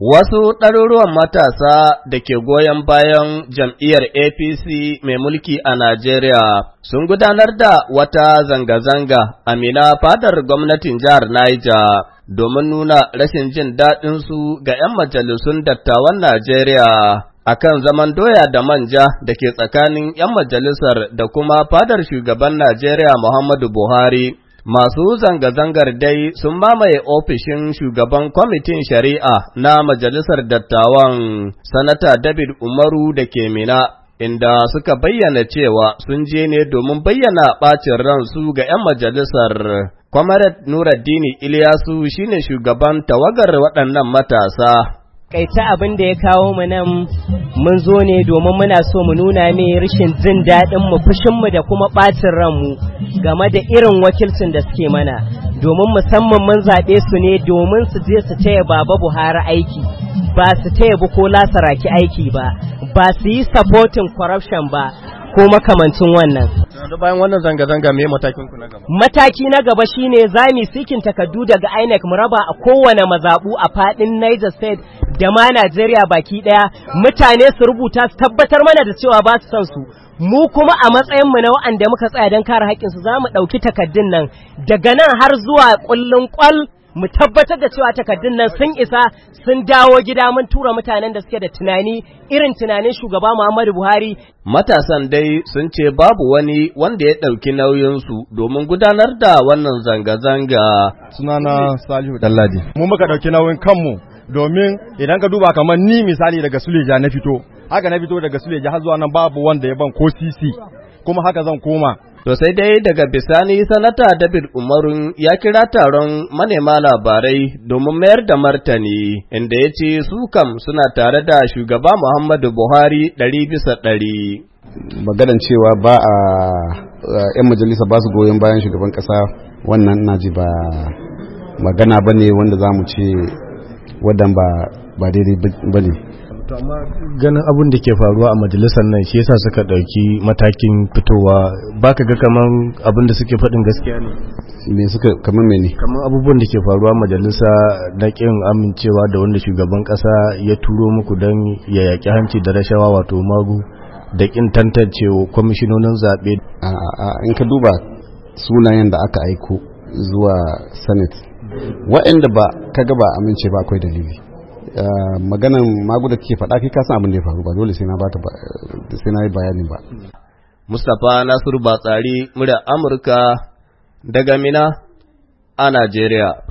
Wasu ɗaruruwan matasa da ke goyon bayan jam'iyyar APC mai mulki a Najeriya sun gudanar da wata zanga-zanga a Mina fadar gwamnatin jihar Niger domin nuna rashin jin daɗinsu ga ‘yan majalisun dattawan Najeriya a kan zaman doya da manja da ke tsakanin ‘yan majalisar da kuma fadar shugaban Najeriya Muhammadu Buhari. Masu zanga-zangar dai sun mamaye ofishin shugaban kwamitin shari'a na Majalisar Dattawan Sanata David Umaru da ke mina, inda suka bayyana cewa sun je ne domin bayyana ɓacin ransu ga ‘yan majalisar. Kwamarat Nuraddini Iliyasu shine shugaban tawagar waɗannan matasa kaita abin da ya kawo mu nan mun zo ne domin muna so mu nuna ne rashin jin daɗin mu fushin mu da kuma ɓacin ranmu game da irin wakilcin da suke mana domin musamman mun zaɓe su ne domin su je su taya baba Buhari aiki ba su taya Bukola Saraki aiki ba ba su yi supporting corruption ba ko makamancin wannan yanzu bayan wannan zanga-zanga mai matakin ku na gaba mataki na gaba shine mu sikin takardu daga INEC mu raba a kowane mazaɓu a faɗin Niger State da ma Najeriya baki ɗaya mutane su rubuta su tabbatar mana da cewa ba su son su mu kuma a matsayin mu na wa'anda muka tsaya don kare haƙƙinsu za mu ɗauki takaddun nan daga nan har zuwa ƙullun ƙwal mu tabbatar da cewa takardun nan sun isa sun dawo gida mun tura mutanen da suke da tunani irin tunanin shugaba Muhammadu Buhari. Matasan dai sun ce babu wani wanda ya ɗauki nauyinsu domin gudanar da wannan zanga-zanga. Sunana Salihu Dallaji Mu muka ɗauki nauyin kanmu domin idan ka duba kamar ni misali daga Suleja na fito. Haka na fito daga Suleja har zuwa nan babu wanda ya ban ko sisi kuma haka zan koma. To sai dai daga bisani sanata David Umarun ya kira taron manema labarai domin mayar da martani inda ya ce su kam suna tare da shugaba Muhammadu Buhari ɗari bisa ɗari. Maganan cewa ba a ‘yan majalisa ba su goyon bayan shugaban ƙasa wannan ji ba magana ba ne wanda za mu ce wadan ba daidai ba ne. to amma ganin abin da ke faruwa a majalisar nan shi yasa suka dauki matakin fitowa baka ga kaman abin da suke faɗin gaskiya ne me suka kaman ne. kaman abubuwan da ke faruwa a majalisa da kin amincewa da wanda shugaban kasa ya turo muku dan ya yaki hanci da rashawa wato magu da kin tantancewa kwamishinonin zabe a in ka duba sunayen da aka aiko zuwa senate waɗanda ba kaga ba amince ba akwai dalili Ah, maganan magu da kike faɗa kai ka san abin da ya faru ba dole sai na ba ta sai na yi bayani ba Mustapha Nasiru Batsari murya Amurka daga Mina a Najeriya